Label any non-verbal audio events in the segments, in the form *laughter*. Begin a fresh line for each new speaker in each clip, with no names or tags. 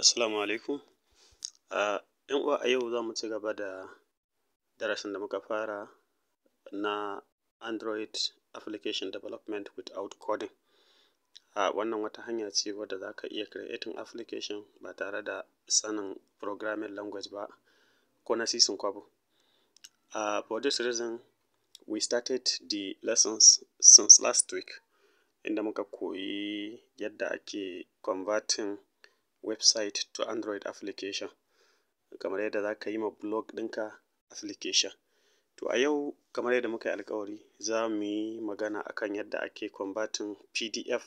Assalamu alaikum. ‘Yan uwa a yau za mu ci gaba da darasin da muka fara na Android application development without coding. Wannan wata hanya ce wadda za ka iya creating application ba tare da sanin programming language ba ko na sisin kwabo. For this reason, we started the lessons since last week, inda muka koyi yadda ake converting website to Android application kamar yadda za ka yi ma blog ɗinka application. To a yau kamar yadda muka yi alkawari za mu yi magana akan yadda ake converting PDF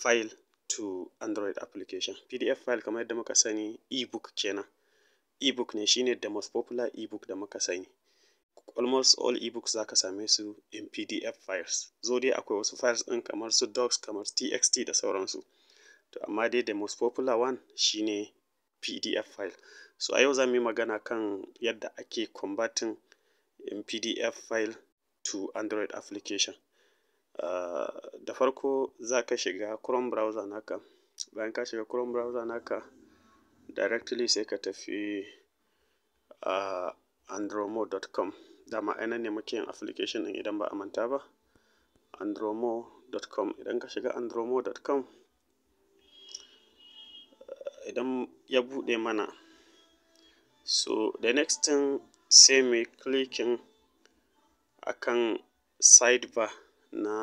file to Android application. PDF file kamar yadda muka sani ebook kenan. ebook ne shine the most popular ebook da muka sani. Almost all ebooks zaka za ka same su in PDF files. Zo dai akwai wasu files ɗin kamar su docs, kamar txt da sauransu. To amma dai the most popular one shine PDF file. So a yau za mu yi magana kan yadda ake converting in PDF file to Android application. Uh, da farko za ka shiga Chrome browser naka, bayan ka shiga Chrome browser naka directly sai ka tafi uh, ah, andromo.com dama a ne muke yin application din idan ba a manta ba andromo.com idan ka shiga andromo.com idan ya buɗe mana so the next thing sai mu yi clicking akan sidebar na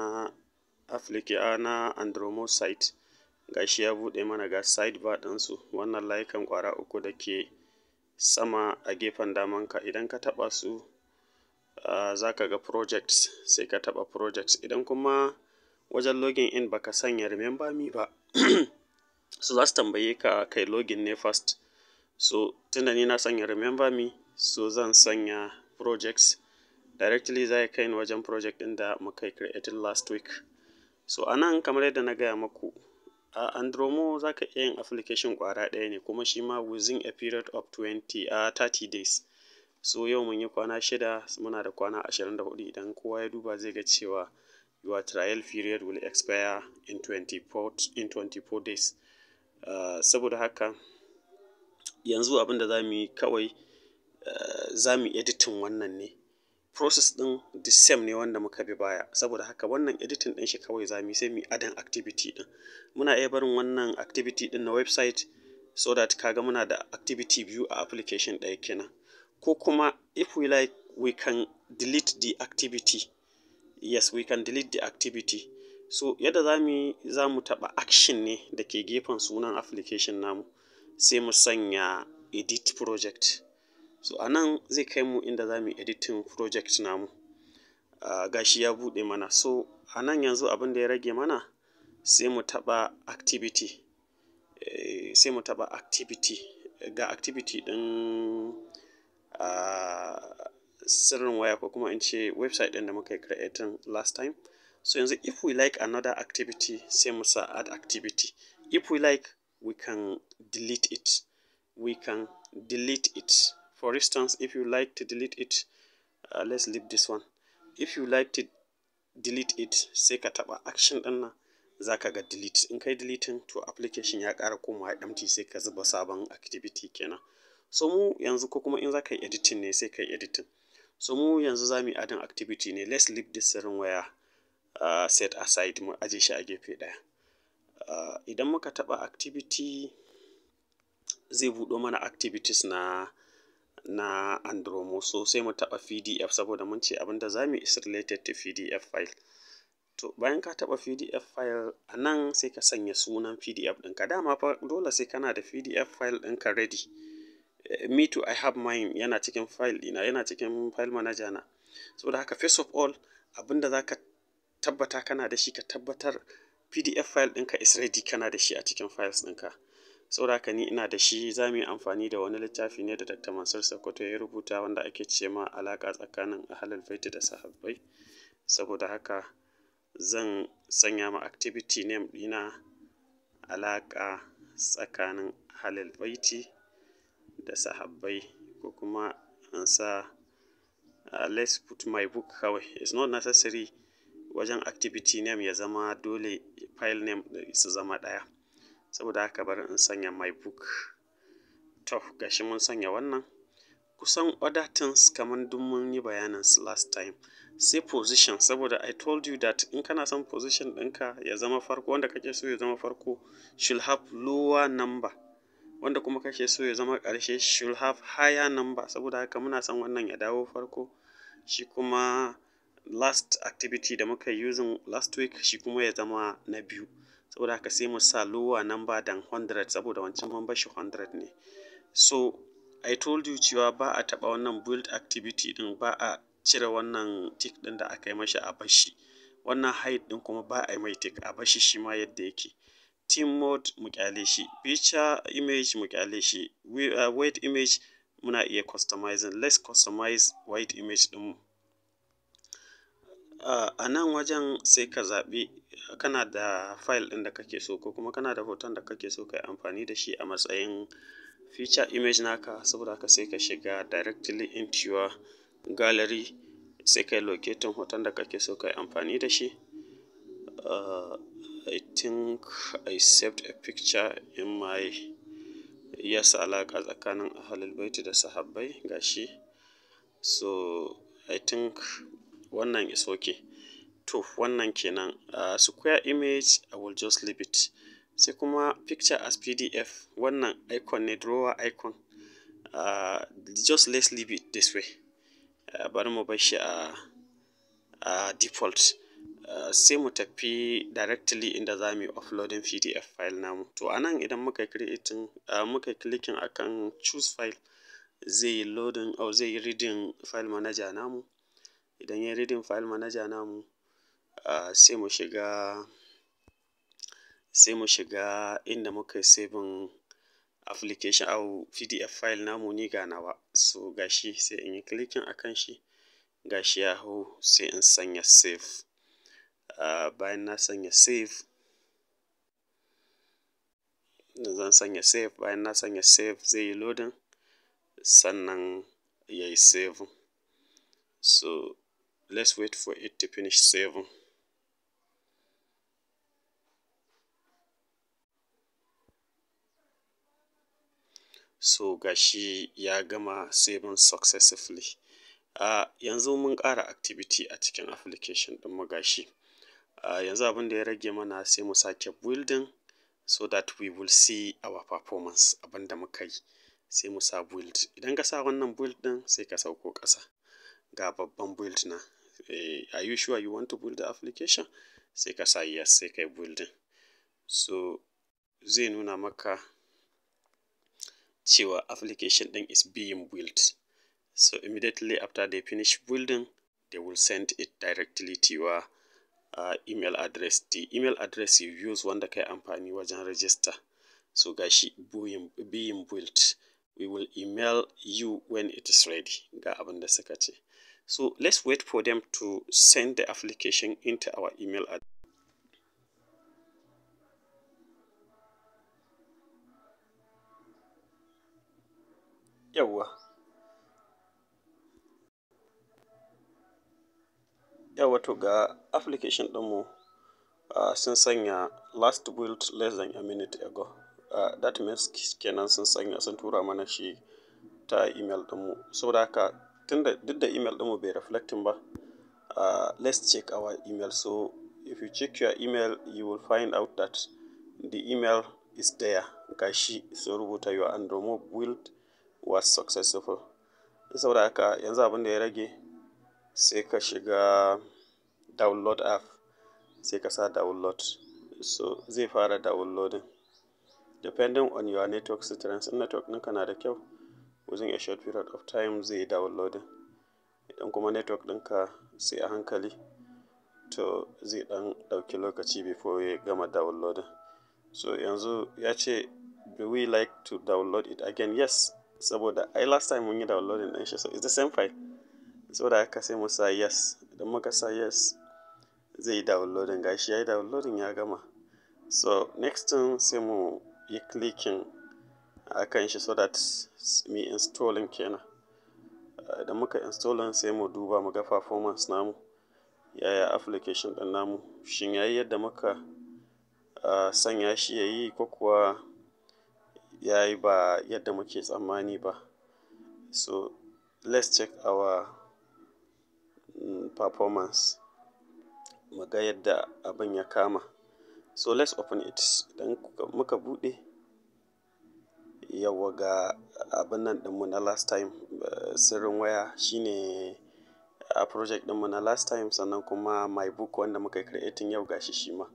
application na Andromo site gashi ya buɗe mana ga sidebar ɗinsu wannan layukan kwara uku da ke sama a gefen damanka idan ka taɓa su uh, za ka ga projects sai ka taɓa projects idan kuma wajen login in baka sanya remember me ba *clears throat* so za su tambaye ka kai login ne first so tunda ni na sanya remember me so zan sanya projects directly za ya kai ni wajen project ɗin da muka created last week so anan kamar yadda na gaya maku a andromo za ka iya yin application kwara ɗaya ne kuma shi ma within a period of 20 a uh, 30 days so yau mun yi kwana shida muna da kwana 24 idan kowa ya duba zai ga cewa your trial period will expire in 24, in 24 days Eh, saboda haka yanzu abinda za mu yi kawai eh, za mu editin wannan ne process ɗin the same ne wanda muka bi baya saboda haka wannan editing ɗin shi kawai za mu sai mu adan activity ɗin muna iya barin wannan activity ɗin na website so that kaga muna da activity view a application ɗaya kenan ko kuma if we like we can delete the activity yes we can delete the activity so yadda za mu za mu taɓa action ne da ke gefen sunan application namu sai mu sanya edit project so a nan zai kai mu inda za mu editing project namu uh, gashi ya buɗe mana so a nan yanzu abin da ya rage mana sai mu taɓa activity e, sai mu taɓa activity ga activity ɗin uh, sirrin waya ko kuma in ce website ɗin da muka yi creating last time so yanzu if we like another activity sai mu sa add activity if we like we can delete it we can delete it for instance if you like to delete it uh, let's leave this one if you like to delete it sai ka taba action din nan zaka ga delete in kai deleting to application ya ƙara ya empty sai ka zuba sabon activity kenan so mu yanzu ko kuma in zaka yi editing ne sai ka yi editing so mu yanzu za mu yi adding activity ne let's leave this certain where uh, set aside mu aje shi a gefe ɗaya uh, idan muka taɓa activity zai buɗo mana activities na na andromo so sai mu taɓa pdf saboda mun ce abinda za mu is related to pdf file to bayan ka taɓa pdf file a nan sai ka sanya sunan pdf ɗinka dama fa dole sai kana da pdf file ɗinka ready eh, me too i have mine yana cikin file ɗina yana cikin file manager na saboda haka first of all abinda za ka tabbata kana da shi ka tabbatar pdf file ɗinka is ready kana da shi a cikin files ɗinka sauraka ni ina da shi za mu yi amfani da wani littafi ne da dr mansur sokoto ya rubuta wanda ake ce ma alaƙa tsakanin ahalul baiti da sahabbai saboda haka zan sanya ma activity name ɗina alaƙa tsakanin ahalul baiti da sahabbai ko kuma an sa uh, let's put my book kawai it's not necessary wajen activity name ya zama dole file name su zama ɗaya saboda haka bari in sanya my book to gashi mun sanya wannan kusan other things kamar duk mun yi bayanin su last time sai position saboda i told you that in kana son position ɗinka ya zama farko wanda kake so ya zama farko should have lower number wanda kuma kake so ya zama ƙarshe should have higher number saboda haka muna son wannan ya dawo farko shi kuma last activity da muka yi using last week shi kuma ya zama na biyu saboda haka sai mu sa lower number than 100 saboda wancan mun bashi 100 ne so i told you cewa ba a taba wannan build activity din ba a cire wannan tick din da aka yi mashi a bashi wannan height din kuma ba a yi mai tick a bashi shi ma yadda yake team mode mu kyale shi picture image mu kyale shi uh, weight image muna iya customizing let's customize white image din A nan wajen sai ka zaɓi kana da fayil ɗin da kake so ko kuma kana da hoton da kake so ka yi amfani da shi a matsayin feature image naka saboda ka sai ka shiga directly into your gallery sai ka yi locating hoton da kake so ka yi amfani da shi. Uh, I think I saved a picture in my yes alaƙa tsakanin ahlul baiti da sahabbai gashi so I think wannan is okay to wannan kenan uh, ah, square image i will just leave it sai kuma picture as pdf wannan icon ne drawer icon uh, just let's leave it this way uh, bari mu bar shi a uh, default Uh, sai mu tafi directly inda za mu yi pdf file namu to anan idan muka creating uh, muka clicking akan choose file zai yi loading or oh, zai reading file manager namu Idan ya reading file manager namu ah sai mu shiga, sai mu shiga inda muka saving application au PDF file namu ni ga nawa. So gashi sai in yi clicking a kan shi gashi ya hau sai in sanya save. bayan na sanya save, zan sanya save bayan na sanya save zai yi loading sannan yi save So. let's wait for it to finish saving so gashi ya gama saving successfully uh, ah, yanzu mun ƙara activity a cikin application ɗin mu gashi uh, yanzu abin da ya rage mana sai mu sake building so that we will see our performance abin da muka yi sai mu sa build idan ka sa wannan build ɗin sai ka sauko ƙasa ga babban build na Eh, are you sure you want to build the application sai ka sa yes sai kai building so zai nuna maka cewa application din is being built so immediately after they finish building they will send it directly to your uh, email address the email address you use wanda kai amfani wajen register so gashi being, being built we will email you when it is ready ga abin da suka ce So let's wait for them to send the application into our email address. yawa to ga application ɗinmu uh, sun sanya last build less than a minute ago. that means kenan sun sanya sun tura mana shi ta email ɗinmu. Saboda haka tunda duk da email ɗinmu bai reflecting ba uh, let's check our email so if you check your email you will find out that the email is there gashi sun rubuta your and remove build was successful saboda haka yanzu abin da ya rage sai ka shiga download app sai ka sa download so zai fara downloading depending on your network strength in network ɗinka na da kyau Wajen a short period of time zai yi idan kuma network ɗinka sai a hankali to zai ɗan ɗauki lokaci before ya gama downloadin so yanzu ya ce do we like to download it again yes saboda ai last time mun yi downloading ɗin shi so it's the same file saboda haka sai mu sa yes idan muka sa yes zai yi downloading gashi ya yi downloading ya gama so next thing sai mu yi clicking a kan shi so that me installing kenan da muka installin sai mu duba mu ga performance namu yaya application ɗin namu shin yayi yadda muka sanya shi yayi ko kuwa yayi ba yadda muke tsammani ba so let's check our mm, performance mu ga yadda abin ya kama so let's open it idan muka bude. yawa ga abin nan na last time eh, sirrin waya shine a eh, project ɗinmu na last time sannan kuma my book wanda muka creating yau gashi shi ma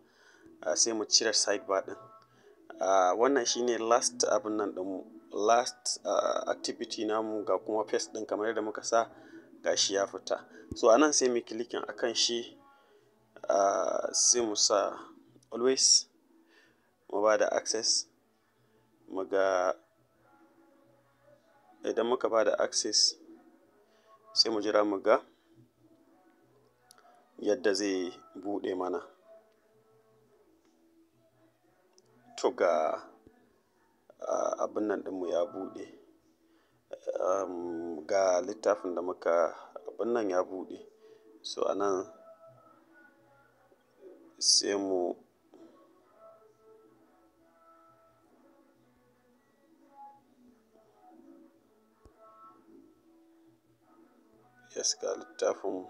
ah, sai mu cire sidebar ɗin. Ah, wannan shine last abin nan last ah, activity namu ga kuma first ɗin kamar yadda muka sa gashi ya fita. So anan sai mu clickin akan shi sai mu sa always mu bada access. muga idan muka ba da access sai mu jira mu ga yadda zai bude mana to ga abin nan mu ya bude ga littafin da muka abin nan ya bude so anan sai mu yes ga littafin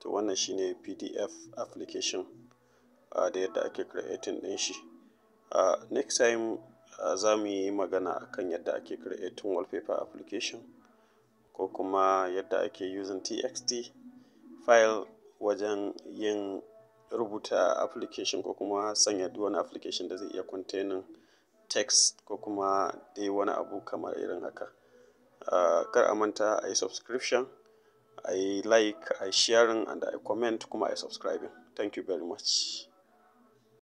to wannan shine pdf application uh, da yadda ake creating ɗin shi uh, next time ah, za mu yi magana akan yadda ake creating wallpaper application ko kuma yadda ake using txt file wajen yin rubuta application ko kuma sanya duk wani application da zai iya containing text ko kuma dai wani abu kamar irin haka ah, kar a manta a yi subscription a yi like a yi sharing and a yi comment kuma a yi subscribing thank you very much